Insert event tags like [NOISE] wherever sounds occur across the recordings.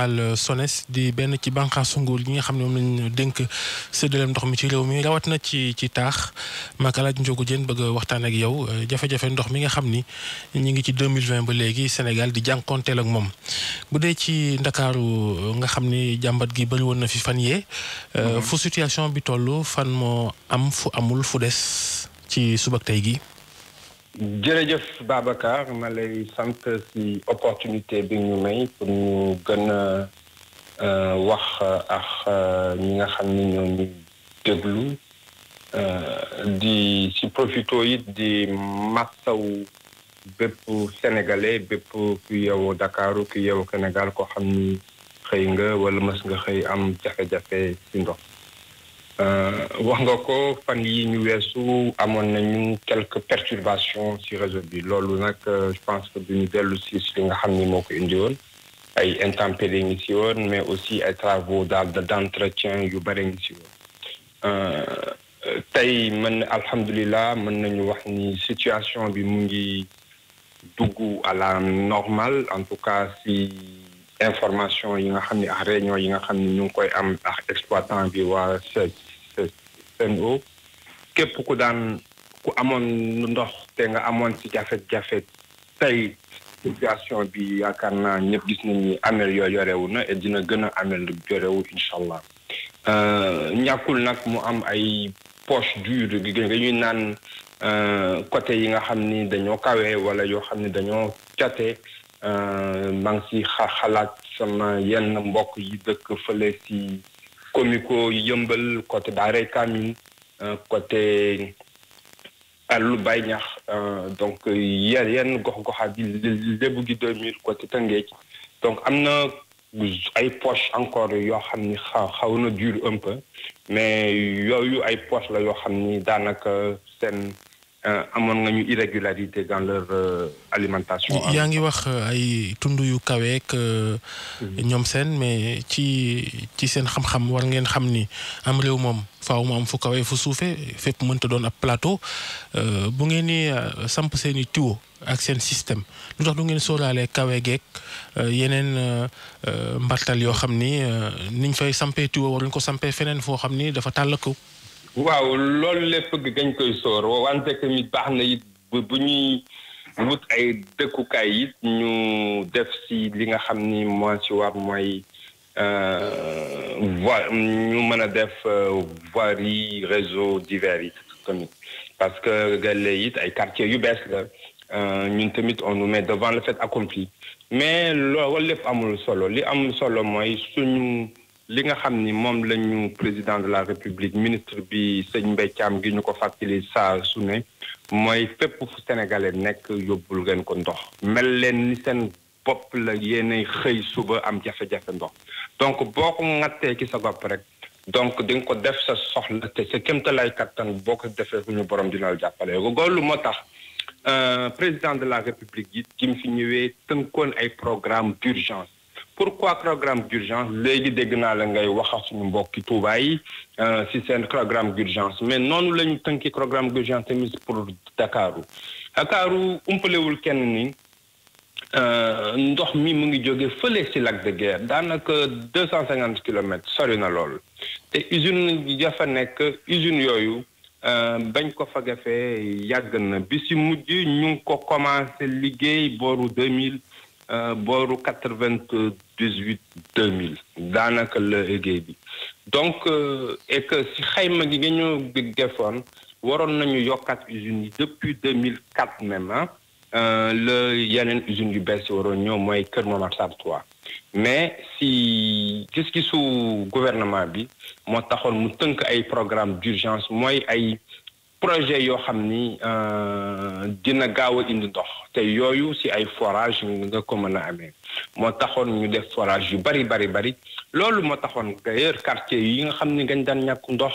al SONES di benn ci bànqaasu nguur gi nga xam ne moom nañu dénk séddaleem ndox mi ci réew mi rawat na ci ci taax makalaaj Ndiogou Diène bëgg waxtaan ak yow euh, jafe-jafe ndox mi nga xam ni ñu ngi ci 2020 ba léegi Sénégal di jànkonteel ak moom bu dee ci ndakaaru euh, nga xam ni jàmbat gi bëri na fi fan yee euh, mhm. fu situation bi toll fan moo am fu amul fu des ci subak tey gi jërëjëf Babacar ma lay sant ci opportunité bi ñu may pour ñu gën a euh, wax euh, ak euh, ñi nga xam ni ñoo ñu déglu di ci profito it di massawu bépp sénégalais bépp ku yeewoo Dakaaru ku yeewoo Sénégal koo xam ni xëy nga wala mës nga xëy am jafe-jafe ci ndox Euh, wax nga ko fan yi ñu weesu amoon nañu quelques perturbations ci réseau bi loolu nag euh, je pense que duñu dellu si li nga xam ni moo ko indi woon ay intempéries ngi si woon mais aussi ay travaux daal d' entretien yu bëri ngi si woon euh, tey mën alhamdulillah mën nañu wax ni situation bi mu ngi dugg à la normale en tout cas si information yi nga xam ne ak réunion yi nga xam ne ñu ngi koy am ak exploitant bi waa Sen'Eau képp ku daan ku amoon ndox te nga amoon ci jafe-jafe tey situation bi yaakaar naa ñëpp gis nañ ni amélioré wu na et dina gën a amélioré wu incha allah euh, ñàkkul nag mu am ay poche dure nga ñuy naan euh, côté yi nga xam ni dañoo kawe wala yoo xam ni dañoo cate Euh, maa ngi si xalaat sama yenn mbokk yi dëkk fële si comico yëmbal côté Daaray Kamil euh, côté àllu Baye Ñax euh, donc yenn yenn gox-goxaat yi lébu gi 2000 côté Tëngéej donc am na ay poche encore yoo xam ni xaw xaw na dur un peu mais yooyu ay poche la yoo xam ni daanaka seen Euh, amoon nga ñu irrégularité dans leur euh, alimentation. yaa ngi wax euh, ay tund yu kaweeg mhm. ñoom seen mais ci ci seen xam-xam war ngeen xam ni am réew moom faaw mu fu kawee fu suufee fépp mënta doon ab plateau bu ngeen ni samp seeni tiwo ak seen système lu tax du ngeen sóoraale kawee geek yeneen mbartal yoo xam ni niñ fay sampee tuyau waruñ ko sampee feneen foo xam ni dafa tàllaku. waaw loolu lépp gañ koy soor wante tamit baax na it bu ñuy wut ay dëkkukaay yit ñu def si li nga xam ni mois si war mooy euh, voi ñu mën a def euh, voirie réseau divers yi tamit parce que gale it ay quartier yu bees la euh, ñun tamit on nous met devant le fait accompli mais loolu lépp amul solo li amul solo mooy suñu li nga xam ni moom la ñu président de la république ministre bi sëñ Mbaye Thiam gi ñu ko fàttali saa su ne mooy fépp fu sénégalais nekk yóbbul ngeen ko ndox mel leen ni seen bopp la yéenay xëy suba am jafe-jafe ndox donc boo ko ŋattee ki sa bopp rek donc di nga ko def sa soxla te sa kéemtalaay kattan boo ko defee suñu borom dina la jàppale loolu moo tax euh, président de la république yi ci mu fi ñëwee tënkoon ay programme d'urgence pourquoi programme d'urgence léegi dégg naa la ngay wax suñu mbokki Tuuba yi ci euh, seen programme d'urgence mais noonu la ñu tënki programme d'urgence tamit pour Dakaaru Dakaaru umpalewul kenn ni euh, ndox mi mu ngi jóge fële ci lac de Guiers daanaka deux cent cinquante kilomètres sori na lool te usine ya fa nekk usine yooyu euh, bañ ko fagafee yàgg na bi ci mujj ñu ngi ko commencé liggéey booru deux mille Euh, booru quatre vingt dix huit deux mille daanaka la liggéey bi donc euh, et que si xayma gi nga ñoo defoon waroon nañu yokkaat usines yi depuis deux mille quatre même ah euh, la yeneen usines yu bes yi waroon ñoom mooy Kër Momar Sarr 3 mais si gis-gisu gouvernement bi moo taxoon mu tënk ay programme d'urgence mooy ay projet yoo xam ni euh, dina gaaw a indi ndox te yooyu ci ay forage nga ko mën a amee moo taxoon ñu def forage yu bari bari bari loolu moo taxoon d'ailleurs quartier yi nga xam ni gañ daan ñàkk ndox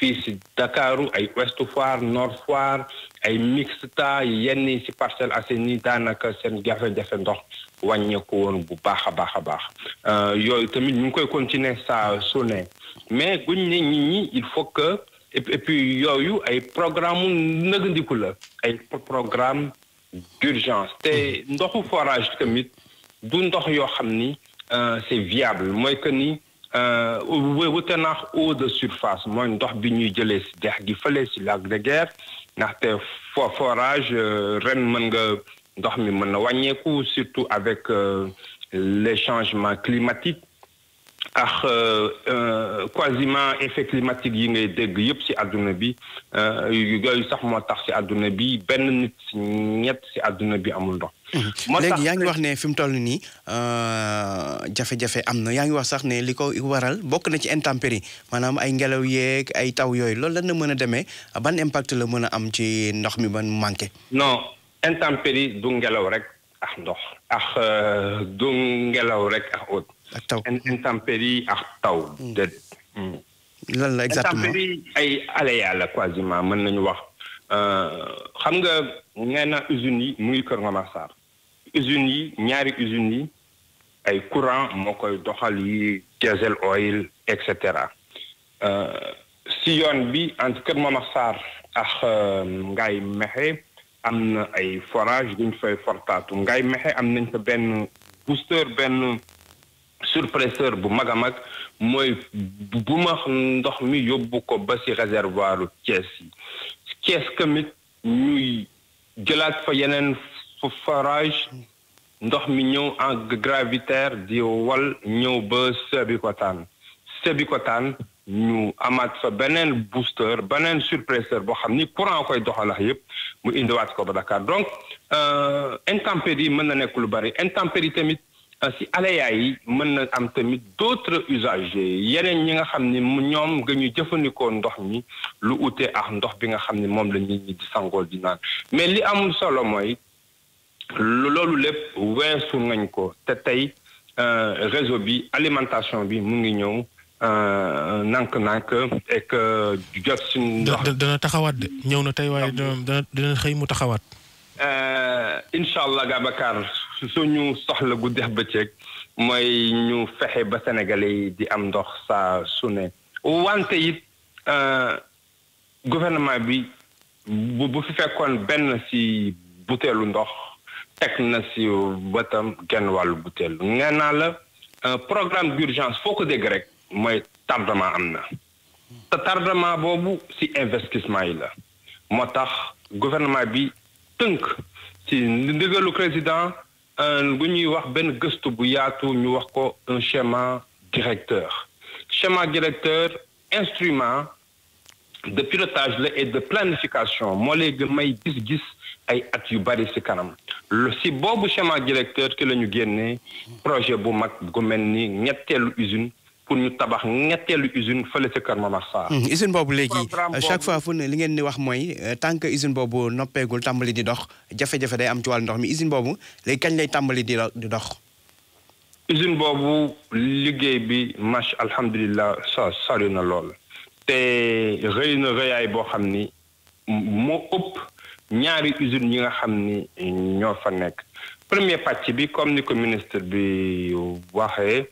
fii ci Ndakaaru ay Ouest Foire Nord Foire ay Mixta yenn yi ci Parcelles ni daanaka seen jafe-jafe ndox wàññeeku woon bu baax a baax a baax euh, yooyu tamit ñu ngi koy continuer saa su ne mais guñ ne nit ñi il faut que et yooyu ay programme nëgandiku la ay programme d'urgence te ndoxu forage tamit du ndox yoo xam ni euh, c'est viable mooy que ni euh, wute nax eau de surface mooy ndox bi ñuy jëlee si dex gi fële si lac de Guiers ndaxte forage euh, ren mën nga ndox mi mën na wàññeeku surtout avec les changement climatique ak euh, euh, quasiment effet climatique yi ngay dégg yëpp ci adduna bi euh, yooyu sax moo tax ci àdduna bi benn nit ci ñett ci àdduna bi amul ndox. Mhm. moo léegi yaa ngi wax ne fi mu toll nii jafe-jafe am na yaa ngi wax sax ne li ko waral bokk na ci intempérie maanaam ay ngelaw yeeg ay taw yooyu loolu lan la mën a demee ban impact la mën a am ci ndox mi ban manqué. non intempérie du ngelaw rek ak ndox. ak du ngelaw rek ak ak ah, taw intempérie ak taw. lan la ay aléa la quasiment mën nañu wax. Euh, xam nga nee na usines yi muy Kër Momar Sarr usines yi ñaari usines yi ay courant moo koy doxal yi diesel oil et cetera euh, si yoon bi entre Kër Momar Sarr ak euh, Ngaye Mekhe am ay forage duñ fay fortaatu Ngaye Mekhe am nañ fa benn booster benn. surpresseur bu mag mag mooy bu max ndox mi yóbbu ko ba ci réservoiru Thiès yi Thiès tamit ñuy jëlaat fa yeneen forage ndox mi ñëw en gravitaire di wal ñëw ba Sébikotane Sébikotane ñu amaat fa beneen booster beneen surpresseur boo xam ni courant koy doxalax yépp mu indiwaat ko ba Dakar donc euh, intempérie mën na nekk lu bari intempérie tamit si aléas yi mën na am tamit d'autres usagers yeneen ñi nga xam ni ñoom nga ñuy jëfandikoo ndox mi lu wute ak ndox bi nga xam ni moom la nit ñi di sangool di naan mais li amul solo mooy loolu lépp weesu nañ ko te tey euh, réseau bi alimentation bi mu ngi ñëw euh, nànk-nànk et que jot si ndox dana taxawaat de ñëw na tey waaye ah dana dana xëy mu taxawaat euh, incha allah Gabacar su suñu soxla gu dex bëccëg mooy ñu fexe ba sénégalais yi di am ndox sa su ne wante it euh, gouvernement bi bu fi fekkoon benn si buteelu ndox teg na si bëtam genn wàllu buteelu nee naa la euh, programme d'urgence foo ko dégg rek mooy tardement am na te tardement boobu si investissement yi la moo tax gouvernement bi tënk ci ndigalu président Euh, bu ñuy wax benn gëstu bu yaatu ñu wax ko un schéma directeur schéma directeur instrument de pilotage la et de planification moo léegi may gis-gis ay at yu bari ci kanam si boobu schéma directeur ki la ñu génnee projet bu mag gu mel ni ñetteelu usine pour ñu tabax ñetteelu usine fële ca Kër Momar Sarr. usine boobu léegi chaque fois fu ne li ngeen di wax mooy euh, tant usine boobu noppeegul tàmbali di dox jafe-jafe day am ci wàllu dox mi usine boobu léegi kañ lay tàmbali di di dox. boobu liggéey bi macha alhamdulillah sa sori na lool. te rëy na rëyaay boo xam ni moo ëpp ñaari usine yi nga xam ni ñoo fa nekk premier pàcc bi comme ni ko ministre bi waxee.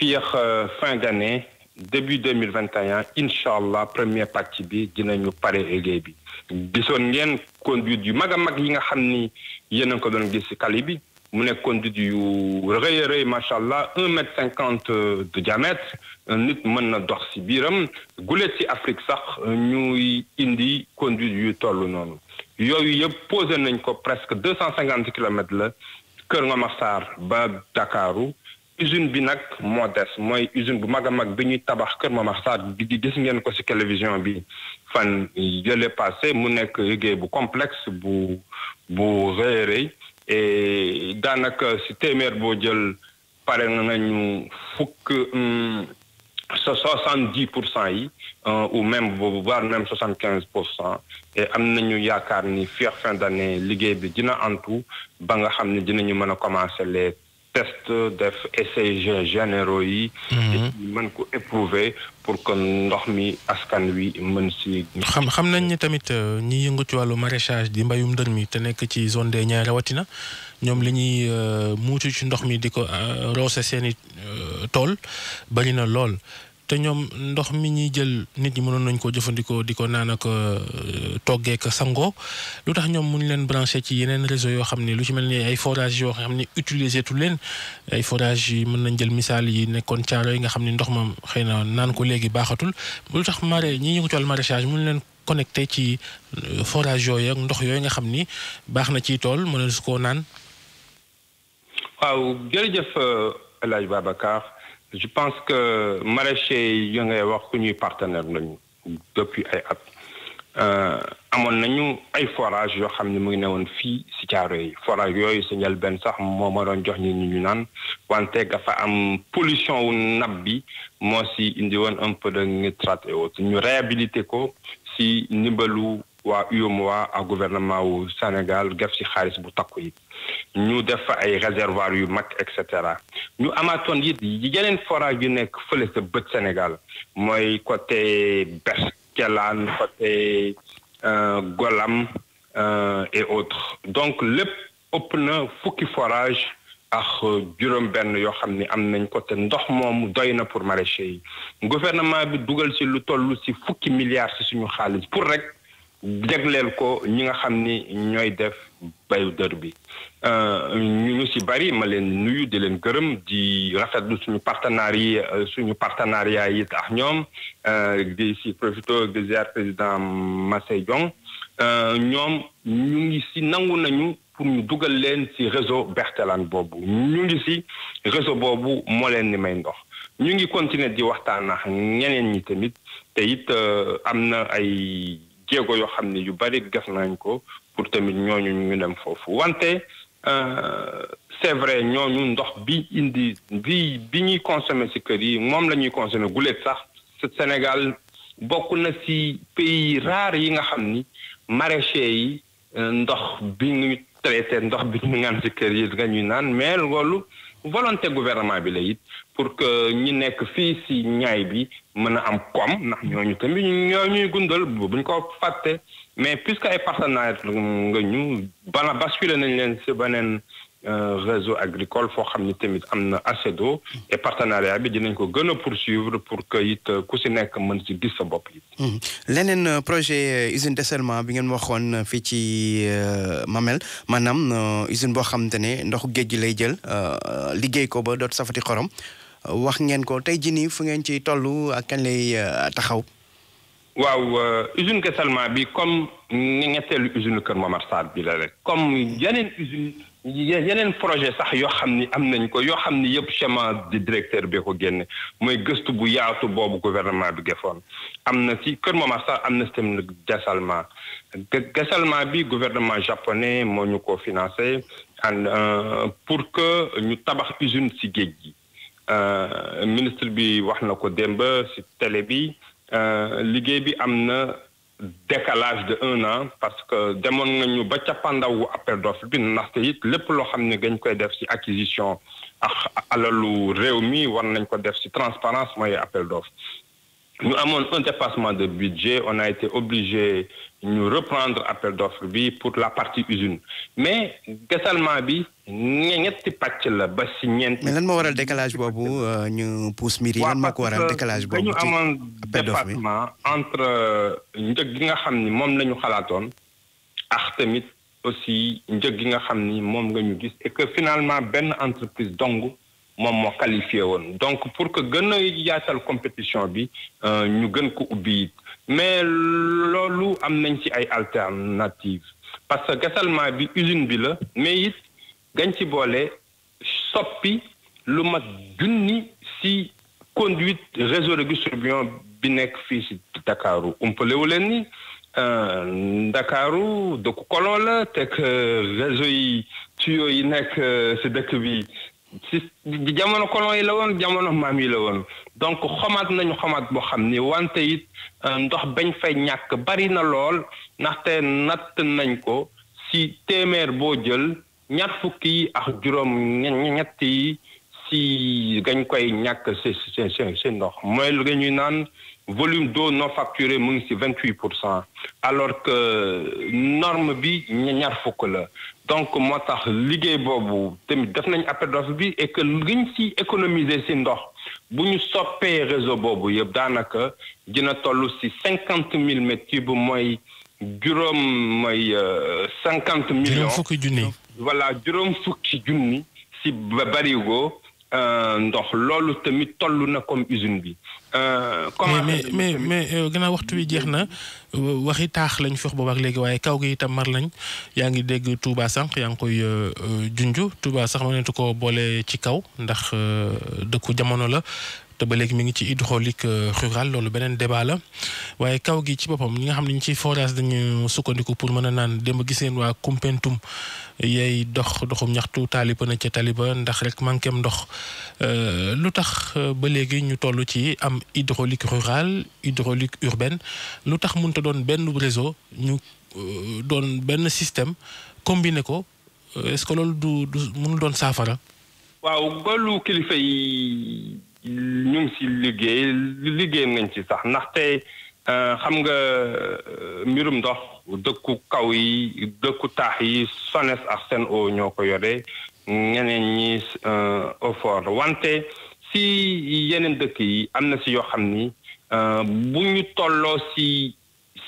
fii ak euh, fin d'année début deux mille vingt et un incha allah première partie bi dinañu pare liggéey bi gisoon ngeen conduite yu mag a mag yi nga xam ni yéen a ko doon gis si kali bi mu nekk conduite yu rëy a rëy un mètre cinquante de diamètre nit mën na dox si biiram gulet ci Afrique sax ñuy indi conduite yu toll noonu yooyu yëpp posé nañ ko presque deux cent cinquante kilomètres la Kër Momar ba Dakaru usine bi nag moo des mooy usine bu mag a mag bi ñuy tabax Kër Momar Sarr bi di gis ngeen ko ci télévision bi fan yële passé mu nekk liggéey bu complexe bu bu rëy a rëy daanaka ci téeméer boo jël pare nañu fukk hmm, soixante dix pour cent yi euh, ou même boobu voire même soixante quinze pour cent et am nañu yaakaar ni fii ak fin liggéey bi dina antu ba nga xam ne dinañu mën a commencer les test def essais généraux yi. Mhm. mën ko éprouver pour que ndox mi askan wi mën si. xam xam nañ ni tamit euh, ñi yëngu ci wàllu maraîchage di mbayum ndër mi te nekk ci zone des Niayes rawatina ñoom li ñuy euh, muucu ci ndox mi di ko euh, roose seeni tool bari na lool. te ñoom ndox mi ñuy jël nit ñi mënoon nañ ko jëfandikoo di ko naan ak euh, toggee ak sangoo lu tax ñoom mënuñ leen branché ci yeneen réseau yoo xam ne lu ci mel ni ay forage yoo xam ni utiliser tu leen ay forage yi mën nañ jël misaal yi nekkoon caaro yi nga xam ni ndox ma xëy na naan ko léegi baaxatul lu tax maré ñi ñu ko ci wàllu maraîchage mënuñ leen connecté ci euh, forage yooyu ak ndox yooyu nga xam ni baax na ci tool mën na su koo naan. waaw jërëjëf euh, El Hadj Babacar je pense que maraîchers yi ngay wax suñuy partenaire nañu depuis ay at euh, amoon nañu ay forage yoo xam ne mu ngi ne woon fii si caaro yi forage yooyu sa njëlbeen sax moo ma doon jox ñi ñu ñu naan wante dafa am pollution wu nab bi moo si indi woon un peu de nitrate et autres ñu réhabilité ko si ndimbalu waa UEMOA ak gouvernement wu Sénégal def ci xaalis bu takku yi ñu def fa ay réservoir yu mag et cetera ñu amaatoon it yeneen forage yu nekk fële sa bët Sénégal mooy côté Berkelaan côté euh, Golam euh, et autres donc lépp ëpp na fukki forage ak juróom-benn yoo xam ni am nañ ko ndox moomu doy na pour maraîchers yi gouvernement bi dugal ci lu toll ci fukki milliards ci suñu xaalis pour rek. jagleel ko ñi nga xam ni ñooy def bayu dër bi euh, ñu ci bari ma leen nuyu di leen gërëm di rafetlu suñu partenariat suñu partenariat yi ak ñoom euh, di ci profito di ziar président Massey Diong euh, ñoom ñu ngi ci nangu nañu pour ñu dugal leen ci réseau Berkelane boobu ñu ngi ci réseau boobu moo leen ni may ndox ñu ngi continuer di waxtaan ak ñeneen ñi tamit te it am na ay jéego yoo xam ne yu bari gas nañ ko pour tamit ñooñu ñu dem foofu wante euh, c'est vrai ñooñu ndox bi indi bi bi ñuy consommer ci kër yi moom la ñuy consommer guléet sax Sénégal bokk na ci pays rares yi nga xam ni maraîchers yi euh, ndox bi ñu traité ndox bi ñu naan ci kër yi nga naan mais loolu volonté gouvernement bi la it pour que ñi nekk fii si ñaay bi mën a am koom ndax ñooñu tamit ñoo ñuy gundal buñ ko fàtte mais puisque ay partenaires nga ñu bana basculer nañ leen si beneen Euh, réseau agricole foo xam ni tamit am na assez d'eau et partenariat bi dinañ ko gën pour poursuivre pour que it euh, ku si nekk mën si gis sa bopp it. Mhm. leneen euh, projet usine dessalement bi ngeen waxoon fii ci Mamel maanaam usine boo xamante ne ndoxu géej gi lay jël liggéey ko ba doot safati xorom wax ngeen ko tey jii nii fu ngeen ci tollu ak kañ lay taxaw. waaw usine dessalement bi comme ñetteelu usine Kër Momar Sarr bi la rek comme yeneen usine yeneen projet sax yoo xam ni am nañ ko yoo xam ni yëpp schéma di directeur bi ko génne mooy gëstu bu yaatu boobu gouvernement bi gefoon am na ci Kër Momar sax am na si tamit gasalement gasalement bi gouvernement japonais moo ñu ko financé and euh, pour que ñu tabax usine si géej gi euh, ministre bi wax na ko démb si télé bi euh, liggéey bi am na décalage de un an parce que demoon nañu ba cappaandawu appel d'offre bi ndaxte it lépp loo xam ne dañ koy def ci acquisition ak alalu réew mi war nañ ko def ci transparence mooy appel d'offre ñu amoon un dépassement de budget, on a été obligé de nous reprendre appel bi pour la partie usine. Mais, Gassalma, bi, ñetti pàcc la ba si ñeent mais lan moo waral décalage boobu euh, ñu pousse mbir yi lan moo ko waral décalage boobu. dañu entre euh, njëg gi nga xam ni moom lañu xalaatoon. ak tamit aussi njëg gi nga xam ni moom nga ñu gis e que finalement benn entreprise dong moom moo qualifié woon donc pour que gën a yaatal compétition bi euh, ñu gën ko ubbi mais loolu am nañ ci ay alternative parce que gasalement bi usine bi la mais it gañ ci boole soppi lu mag junni si conduite réseau de distribution bi nekk fii si Ndakaaru umpalewu leen ni Ndakaaru euh, dëkku kolon la teg réseau yi tuyaux yi nekk si euh, dëkk bi si jamono colon yi la woon jamono maam yi la woon donc xomaat nañu xomaat boo xam ni wante it euh, ndox bañ fay ñàkk bari na lool ndaxte natt nañ ko si téeméer boo jël ñaar fukki yi ak juróom ñett yi si gañ koy ñàkk c'est c'est ndox mooy lu ñuy naan volume doo non facturé mu ngi ci vingt huit pour cent alors que norme bi ñaar fukk la donc moo tax liggéey boobu tamit def nañ appel d'offre bi et que liñ ci économiser ci ndox bu ñu soppee réseau boobu yëpp daanaka dina toll ci cinquante mille ci cubes mooy juróom mooy euh, cinquante million juróom fukki junni voilà juróom fukki junni ci barigo Euh, ndox loolu tamit toll na comme usine bi. Euh, comment mais mais mais euh, gannaaw waxtu wi jeex na waxi taax lañ fex boobaak léegi waaye kaw gi itam mar lañ yaa ngi dégg Touba sànq yaa ngi koy junj Touba sax mëneetu ko boole ci kaw ndax dëkku jamono la te ba léegi mi ngi ci hydraulique euh, rurale loolu beneen débat la waaye kaw gi ci boppam ñi nga xam ne ñu ciy forage dañu sukkandiku pour mën a naan démb gis ngeen waa Koumpentoum yay dox doxum ñaxtu taaliba na ca taaliba ndax rek manqué ndox euh, lu tax euh, ba léegi ñu toll ci am hydraulique rurale hydraulique urbaine lu tax mun mënta doon benn réseau ñu doon benn système combiné ko est loolu du du mënul doon saafara. waaw golu kilifa yi. ñu ngi si liggéey liggéey nañ ci sax ndaxte euh, xam nga euh, mbirum ndox dëkku kaw yi dëkku taax yi SONES ak SEN'EAU ñoo ko yore ñeneen ñi effort euh, wante si yeneen dëkk yi am na ci yoo xam ni bu ñu tolloo ci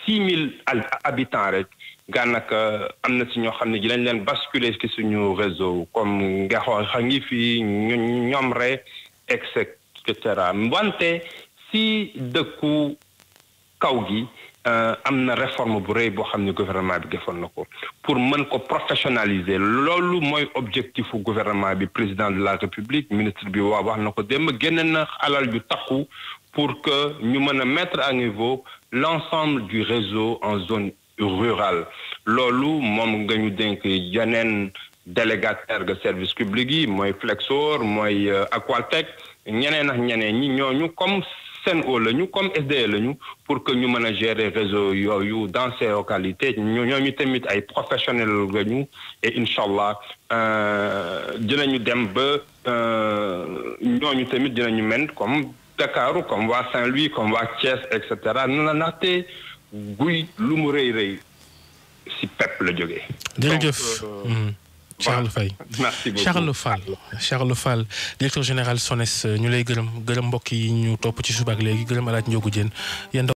six mille habitants rek gànnaka am na si ñoo xam ne dinañ leen basculer ci suñu réseau comme nga ngi fi ñoom rek exec structurel wante si dëkku kaw gi euh, am na réforme bu rëy boo xam ne gouvernement bi defoon na ko pour mën ko professionnaliser loolu mooy objectifu gouvernement bi président de la république ministre bi waa wax na ko démb génne na alal yu taxu pour que ñu mën a mettre à niveau l'ensemble du réseau en zone rurale loolu moom nga ñu dénk yeneen délégataire de service public yi mooy Flexor mooy euh, Aquatech ñeneen ak ñeneen ñi ñooñu comme SEN'EAU la ñu comme SDE la ñu pour que ñu mën a gérer réseau yooyu dans ces localités ñooñu tamit ay professionnel la ñu et incha allah euh, dinañu dem ba euh, ñooñu tamit dinañu mel comme Dakar comme waa Saint-Louis comme waa Thiès et cetera na naxte guy lu mu rëy rëy si PEP la jóge Charles Faye [LAUGHS] merci beaucoup Charles Fall Charles Fall directeur général SONES euh, ñu lay gërëm gërëm mbokk yi ñu topp ci suba ak léegi gërëm alaaj Njóogu Jeen